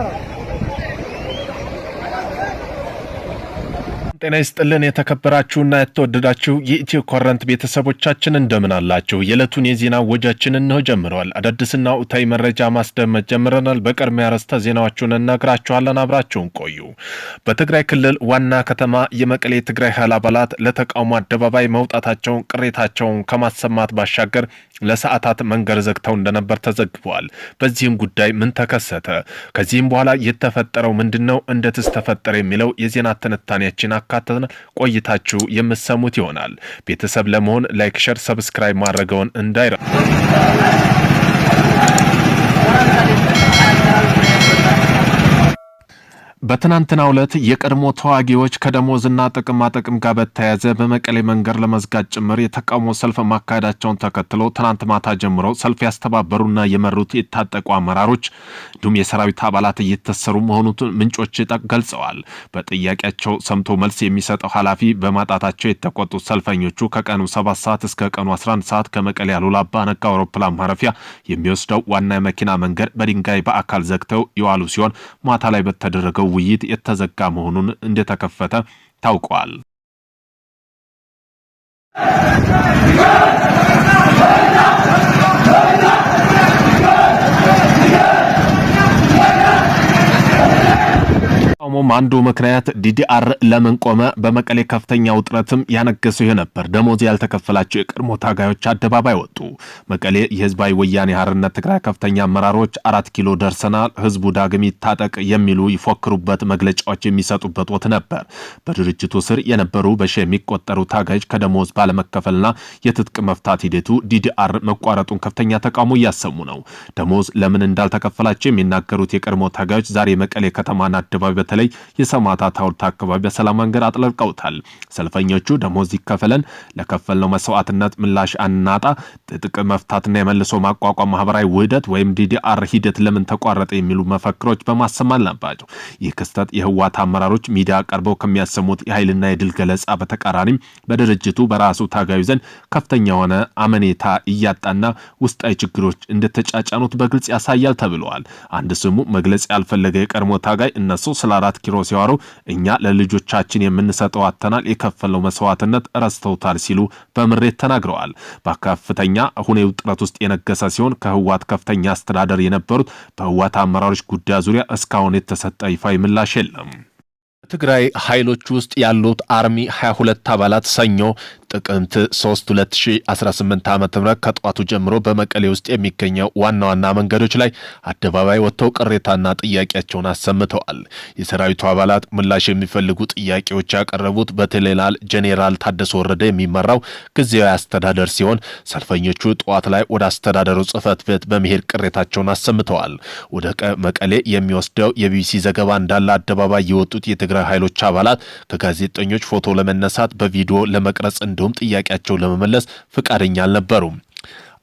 から。ጤና ይስጥልን የተከበራችሁና የተወደዳችሁ የኢትዮ ኮረንት ቤተሰቦቻችን እንደምን አላችሁ? የዕለቱን የዜና ወጃችን እንሆ ጀምረዋል። አዳዲስና ወቅታዊ መረጃ ማስደመጥ ጀምረናል። በቅድሚያ ርዕሰ ዜናዎቹን እነግራችኋለን። አብራችሁን ቆዩ። በትግራይ ክልል ዋና ከተማ የመቀሌ ትግራይ ኃይል አባላት ለተቃውሞ አደባባይ መውጣታቸውን ቅሬታቸውን ከማሰማት ባሻገር ለሰዓታት መንገድ ዘግተው እንደነበር ተዘግበዋል። በዚህም ጉዳይ ምን ተከሰተ፣ ከዚህም በኋላ የተፈጠረው ምንድን ነው፣ እንዴትስ ተፈጠረ የሚለው የዜና ትንታኔያችን አካተን ቆይታችሁ የምትሰሙት ይሆናል። ቤተሰብ ለመሆን ላይክ፣ ሸር፣ ሰብስክራይብ ማድረገውን እንዳይረ በትናንትና ዕለት የቀድሞ ተዋጊዎች ከደሞዝና ጥቅማ ጋር በተያያዘ በመቀሌ መንገድ ለመዝጋት ጭምር የተቃውሞ ሰልፍ ማካሄዳቸውን ተከትሎ ትናንት ማታ ጀምሮ ሰልፍ ያስተባበሩና የመሩት የታጠቁ አመራሮች እንዲሁም የሰራዊት አባላት እየተሰሩ መሆኑን ምንጮች ገልጸዋል። በጥያቄያቸው ሰምቶ መልስ የሚሰጠው ኃላፊ በማጣታቸው የተቆጡት ሰልፈኞቹ ከቀኑ 7 ሰዓት እስከ ቀኑ 11 ሰዓት ከመቀሌ አሉላ አባ ነጋ አውሮፕላን ማረፊያ የሚወስደው ዋና የመኪና መንገድ በድንጋይ በአካል ዘግተው የዋሉ ሲሆን ማታ ላይ በተደረገው ውይይት የተዘጋ መሆኑን እንደተከፈተ ታውቋል። ተቃውሞም አንዱ ምክንያት ዲዲአር ለምን ቆመ፣ በመቀሌ ከፍተኛ ውጥረትም ያነገሰው ይህ ነበር። ደሞዝ ያልተከፈላቸው የቀድሞ ታጋዮች አደባባይ ወጡ። መቀሌ የህዝባዊ ወያኔ ሓርነት ትግራይ ከፍተኛ አመራሮች አራት ኪሎ ደርሰናል፣ ህዝቡ ዳግም ይታጠቅ የሚሉ ይፎክሩበት፣ መግለጫዎች የሚሰጡበት ወት ነበር። በድርጅቱ ስር የነበሩ በሺ የሚቆጠሩ ታጋዮች ከደሞዝ ባለመከፈልና የትጥቅ መፍታት ሂደቱ ዲዲአር መቋረጡን ከፍተኛ ተቃውሞ እያሰሙ ነው። ደሞዝ ለምን እንዳልተከፈላቸው የሚናገሩት የቀድሞ ታጋዮች ዛሬ መቀሌ ከተማን አደባባይ በላይ የሰማዕታት ሐውልት አካባቢ በሰላም መንገድ አጥለቀውታል። ሰልፈኞቹ ደሞዝ ይከፈለን፣ ለከፈልነው መስዋዕትነት ምላሽ አናጣ፣ ትጥቅ መፍታትና የመልሶ ማቋቋም ማህበራዊ ውህደት ወይም ዲዲአር ሂደት ለምን ተቋረጠ የሚሉ መፈክሮች በማሰማል ናባቸው። ይህ ክስተት የህዋት አመራሮች ሚዲያ ቀርበው ከሚያሰሙት የኃይልና የድል ገለጻ በተቃራኒም በድርጅቱ በራሱ ታጋዩ ዘንድ ከፍተኛ የሆነ አመኔታ እያጣና ውስጣዊ ችግሮች እንደተጫጫኑት በግልጽ ያሳያል ተብለዋል። አንድ ስሙ መግለጽ ያልፈለገ የቀድሞ ታጋይ እነሱ ስለ አራት ኪሎ ሲዋሩ እኛ ለልጆቻችን የምንሰጠው አተናል የከፈለው መስዋዕትነት ረስተውታል ሲሉ በምሬት ተናግረዋል። በከፍተኛ ሁኔ ውጥረት ውስጥ የነገሰ ሲሆን ከህዋት ከፍተኛ አስተዳደር የነበሩት በህዋት አመራሮች ጉዳይ ዙሪያ እስካሁን የተሰጠ ይፋዊ ምላሽ የለም። ትግራይ ኃይሎች ውስጥ ያሉት አርሚ 22 አባላት ሰኞ ጥቅምት 3 2018 ዓ ም ከጠዋቱ ጀምሮ በመቀሌ ውስጥ የሚገኘው ዋና ዋና መንገዶች ላይ አደባባይ ወጥተው ቅሬታና ጥያቄያቸውን አሰምተዋል። የሰራዊቱ አባላት ምላሽ የሚፈልጉ ጥያቄዎች ያቀረቡት በትሌላል ጄኔራል ታደሰ ወረደ የሚመራው ጊዜያዊ አስተዳደር ሲሆን ሰልፈኞቹ ጠዋት ላይ ወደ አስተዳደሩ ጽህፈት ቤት በመሄድ ቅሬታቸውን አሰምተዋል። ወደ መቀሌ የሚወስደው የቢቢሲ ዘገባ እንዳለ አደባባይ የወጡት የትግራይ ኃይሎች አባላት ከጋዜጠኞች ፎቶ ለመነሳት በቪዲዮ ለመቅረጽ እንደ እንዲሁም ጥያቄያቸውን ለመመለስ ፈቃደኛ አልነበሩም።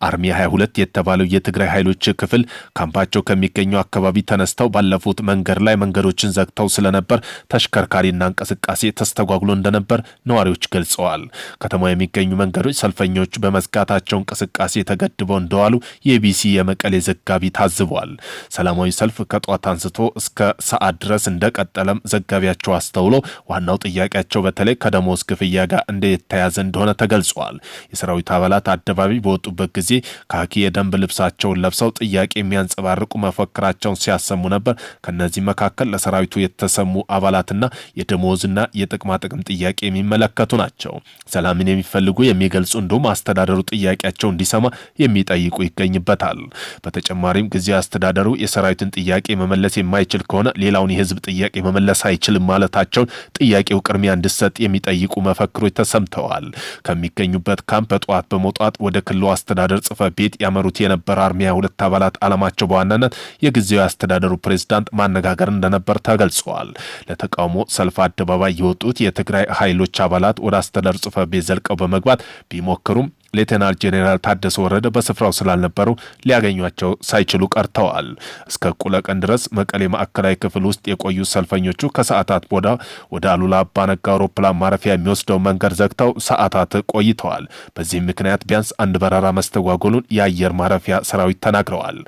አርሚ 22 የተባለው የትግራይ ኃይሎች ክፍል ካምፓቸው ከሚገኙ አካባቢ ተነስተው ባለፉት መንገድ ላይ መንገዶችን ዘግተው ስለነበር ተሽከርካሪና እንቅስቃሴ ተስተጓጉሎ እንደነበር ነዋሪዎች ገልጸዋል። ከተማው የሚገኙ መንገዶች ሰልፈኞች በመዝጋታቸው እንቅስቃሴ ተገድበው እንደዋሉ የቢሲ የመቀሌ ዘጋቢ ታዝቧል። ሰላማዊ ሰልፍ ከጧት አንስቶ እስከ ሰዓት ድረስ እንደቀጠለም ዘጋቢያቸው አስተውሎ ዋናው ጥያቄያቸው በተለይ ከደሞዝ ክፍያ ጋር እንደተያዘ እንደሆነ ተገልጿል። የሰራዊት አባላት አደባባይ በወጡበት ጊዜ ጊዜ ካኪ የደንብ ልብሳቸውን ለብሰው ጥያቄ የሚያንጸባርቁ መፈክራቸውን ሲያሰሙ ነበር። ከነዚህ መካከል ለሰራዊቱ የተሰሙ አባላትና የደሞዝና የጥቅማጥቅም ጥያቄ የሚመለከቱ ናቸው። ሰላምን የሚፈልጉ የሚገልጹ፣ እንዲሁም አስተዳደሩ ጥያቄያቸው እንዲሰማ የሚጠይቁ ይገኝበታል። በተጨማሪም ጊዜ አስተዳደሩ የሰራዊትን ጥያቄ መመለስ የማይችል ከሆነ ሌላውን የህዝብ ጥያቄ መመለስ አይችልም ማለታቸውን ጥያቄው ቅድሚያ እንዲሰጥ የሚጠይቁ መፈክሮች ተሰምተዋል። ከሚገኙበት ካምፕ በጠዋት በመውጣት ወደ ክልሉ አስተዳደሩ አስተዳደር ጽሕፈት ቤት ያመሩት የነበረ አርሚያ ሁለት አባላት አላማቸው በዋናነት የጊዜያዊ አስተዳደሩ ፕሬዝዳንት ማነጋገር እንደነበር ተገልጸዋል። ለተቃውሞ ሰልፍ አደባባይ የወጡት የትግራይ ኃይሎች አባላት ወደ አስተዳደር ጽሕፈት ቤት ዘልቀው በመግባት ቢሞክሩም ሌተናል ጄኔራል ታደሰ ወረደ በስፍራው ስላልነበሩ ሊያገኟቸው ሳይችሉ ቀርተዋል። እስከ እኩለ ቀን ድረስ መቀሌ ማዕከላዊ ክፍል ውስጥ የቆዩ ሰልፈኞቹ ከሰዓታት ቦዳ ወደ አሉላ አባነጋ አውሮፕላን ማረፊያ የሚወስደው መንገድ ዘግተው ሰዓታት ቆይተዋል። በዚህም ምክንያት ቢያንስ አንድ በረራ መስተጓጎሉን የአየር ማረፊያ ሰራዊት ተናግረዋል።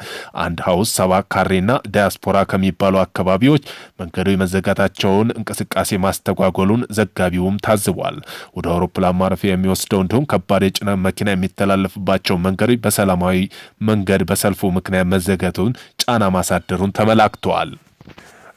አንድ ሀውስ ሰባ ካሬና ዳያስፖራ ከሚባሉ አካባቢዎች መንገዱ የመዘጋታቸውን እንቅስቃሴ ማስተጓጎሉን ዘጋቢውም ታዝቧል። ወደ አውሮፕላን ማረፊያ የሚወስደው እንዲሁም ከባድ የጭነት መኪና የሚተላለፍባቸው መንገዶች በሰላማዊ መንገድ በሰልፉ ምክንያት መዘጋቱን ጫና ማሳደሩን ተመላክተዋል።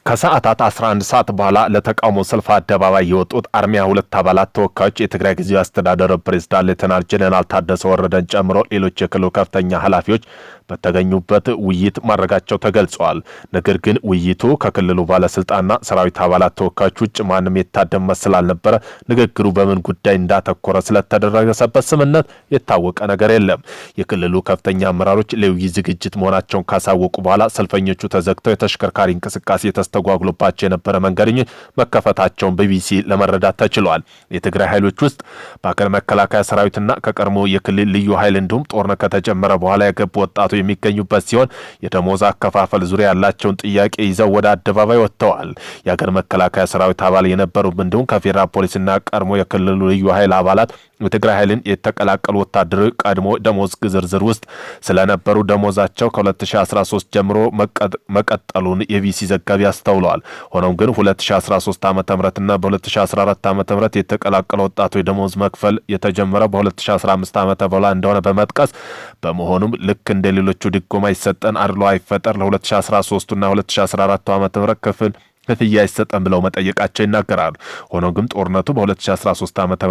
ከሰዓታት 11 ሰዓት በኋላ ለተቃውሞ ሰልፍ አደባባይ የወጡት አርሚያ ሁለት አባላት ተወካዮች የትግራይ ጊዜያዊ አስተዳደር ፕሬዝዳንት ሌተናል ጀነራል ታደሰ ወረደን ጨምሮ ሌሎች የክልሉ ከፍተኛ ኃላፊዎች በተገኙበት ውይይት ማድረጋቸው ተገልጸዋል። ነገር ግን ውይይቱ ከክልሉ ባለስልጣንና ሰራዊት አባላት ተወካዮች ውጭ ማንም የታደመ ስላልነበረ ንግግሩ በምን ጉዳይ እንዳተኮረ ስለተደረሰበት ስምነት የታወቀ ነገር የለም። የክልሉ ከፍተኛ አመራሮች ለውይይት ዝግጅት መሆናቸውን ካሳወቁ በኋላ ሰልፈኞቹ ተዘግተው የተሽከርካሪ እንቅስቃሴ ተስተጓጉሎባቸው የነበረ መንገደኞች መከፈታቸውን ቢቢሲ ለመረዳት ተችሏል። የትግራይ ኃይሎች ውስጥ በአገር መከላከያ ሰራዊትና ከቀድሞ የክልል ልዩ ኃይል እንዲሁም ጦርነት ከተጀመረ በኋላ የገቡ ወጣቱ የሚገኙበት ሲሆን የደሞዝ አከፋፈል ዙሪያ ያላቸውን ጥያቄ ይዘው ወደ አደባባይ ወጥተዋል። የአገር መከላከያ ሰራዊት አባል የነበሩ እንዲሁም ከፌዴራል ፖሊስና ቀድሞ የክልሉ ልዩ ኃይል አባላት የትግራይ ኃይልን የተቀላቀሉ ወታደሮች ቀድሞ ደሞዝ ዝርዝር ውስጥ ስለነበሩ ደሞዛቸው ከ2013 ጀምሮ መቀጠሉን የቢሲ ዘጋቢ አስተውለዋል። ሆኖም ግን 2013 ዓ ም ምና በ2014 ዓ ም የተቀላቀለ ወጣቶች ደሞዝ መክፈል የተጀመረ በ2015 ዓ በላ እንደሆነ በመጥቀስ በመሆኑም ልክ እንደ ሌሎቹ ድጎማ ይሰጠን አድሎ አይፈጠር ለ2013ና 2014 ዓ ም ክፍል ክፍያ አይሰጠን ብለው መጠየቃቸው ይናገራሉ። ሆኖም ግን ጦርነቱ በ2013 ዓ ምና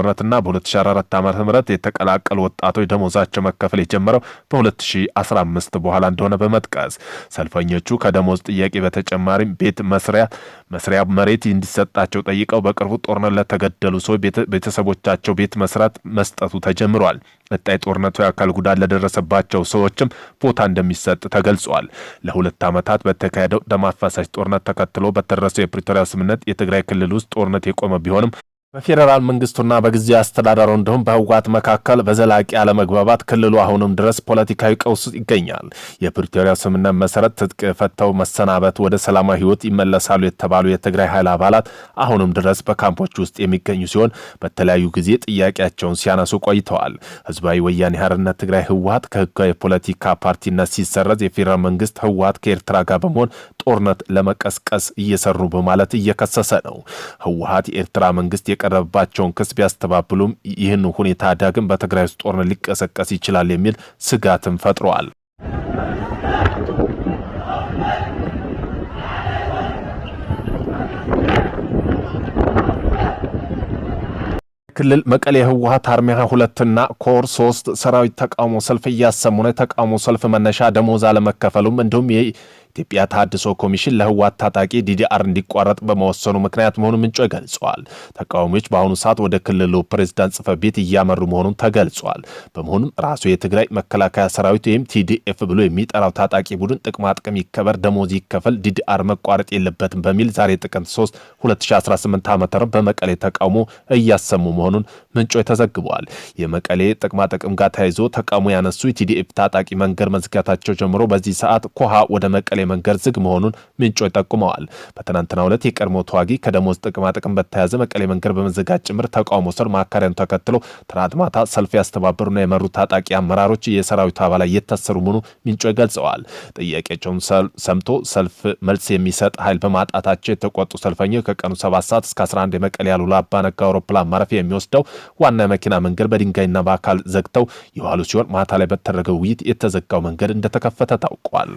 በ2014 ዓ ም የተቀላቀሉ ወጣቶች ደሞዛቸው መከፈል የጀመረው በ2015 በኋላ እንደሆነ በመጥቀስ ሰልፈኞቹ ከደሞዝ ጥያቄ በተጨማሪም ቤት መስሪያ መስሪያ መሬት እንዲሰጣቸው ጠይቀው በቅርቡ ጦርነት ለተገደሉ ሰዎች ቤተሰቦቻቸው ቤት መስራት መስጠቱ ተጀምሯል። መጣይ ጦርነቱ የአካል ጉዳት ለደረሰባቸው ሰዎችም ቦታ እንደሚሰጥ ተገልጿል። ለሁለት ዓመታት በተካሄደው ደም አፋሳሽ ጦርነት ተከትሎ በተ በተደረሰው የፕሪቶሪያ ስምምነት የትግራይ ክልል ውስጥ ጦርነት የቆመ ቢሆንም በፌዴራል መንግስቱና በጊዜ አስተዳደሩ እንዲሁም በህወሓት መካከል በዘላቂ አለመግባባት ክልሉ አሁንም ድረስ ፖለቲካዊ ቀውስ ይገኛል። የፕሪቶሪያ ስምምነት መሰረት ትጥቅ ፈተው መሰናበት ወደ ሰላማዊ ህይወት ይመለሳሉ የተባሉ የትግራይ ኃይል አባላት አሁንም ድረስ በካምፖች ውስጥ የሚገኙ ሲሆን በተለያዩ ጊዜ ጥያቄያቸውን ሲያነሱ ቆይተዋል። ህዝባዊ ወያኔ ሓርነት ትግራይ ህወሓት ከህጋዊ የፖለቲካ ፓርቲነት ሲሰረዝ የፌዴራል መንግስት ህወሓት ከኤርትራ ጋር በመሆን ጦርነት ለመቀስቀስ እየሰሩ በማለት እየከሰሰ ነው። ህወሓት የኤርትራ መንግስት የቀረበባቸውን ክስ ቢያስተባብሉም ይህን ሁኔታ ዳግም በትግራይ ውስጥ ጦርነት ሊቀሰቀስ ይችላል የሚል ስጋትን ፈጥረዋል። ክልል መቀሌ የህወሀት አርሚ ሁለትና ኮር ሶስት ሰራዊት ተቃውሞ ሰልፍ እያሰሙ ነው። የተቃውሞ ሰልፍ መነሻ ደሞዝ አለመከፈሉም እንዲሁም ኢትዮጵያ ተሃድሶ ኮሚሽን ለህዋት ታጣቂ ዲዲአር እንዲቋረጥ በመወሰኑ ምክንያት መሆኑ ምንጮ ገልጸዋል። ተቃዋሚዎች በአሁኑ ሰዓት ወደ ክልሉ ፕሬዝዳንት ጽፈት ቤት እያመሩ መሆኑን ተገልጿል። በመሆኑም ራሱ የትግራይ መከላከያ ሰራዊት ወይም ቲዲኤፍ ብሎ የሚጠራው ታጣቂ ቡድን ጥቅማ ጥቅም ይከበር፣ ደሞዝ ይከፈል፣ ዲዲአር መቋረጥ የለበትም በሚል ዛሬ ጥቅምት 3 2018 ዓ ም በመቀሌ ተቃውሞ እያሰሙ መሆኑን ምንጮ ተዘግበዋል። የመቀሌ ጥቅማ ጥቅም ጋር ተያይዞ ተቃውሞ ያነሱ የቲዲኤፍ ታጣቂ መንገድ መዝጋታቸው ጀምሮ በዚህ ሰዓት ኮሃ ወደ መቀሌ በተለያየ መንገድ ዝግ መሆኑን ምንጮች ጠቁመዋል። በትናንትናው ዕለት የቀድሞ ተዋጊ ከደሞዝ ጥቅማ ጥቅም በተያያዘ መቀሌ መንገድ በመዘጋት ጭምር ተቃውሞ ሰልፍ ማካሪያን ተከትሎ ትናንት ማታ ሰልፍ ያስተባበሩና የመሩ ታጣቂ አመራሮች የሰራዊቱ አባላት እየታሰሩ መሆኑ ምንጮች ገልጸዋል። ጥያቄያቸውን ሰምቶ ሰልፍ መልስ የሚሰጥ ኃይል በማጣታቸው የተቆጡ ሰልፈኞች ከቀኑ 7 ሰዓት እስከ 11 የመቀሌ አሉላ አባነጋ አውሮፕላን ማረፊያ የሚወስደው ዋና የመኪና መንገድ በድንጋይና በአካል ዘግተው የዋሉ ሲሆን ማታ ላይ በተደረገው ውይይት የተዘጋው መንገድ እንደተከፈተ ታውቋል።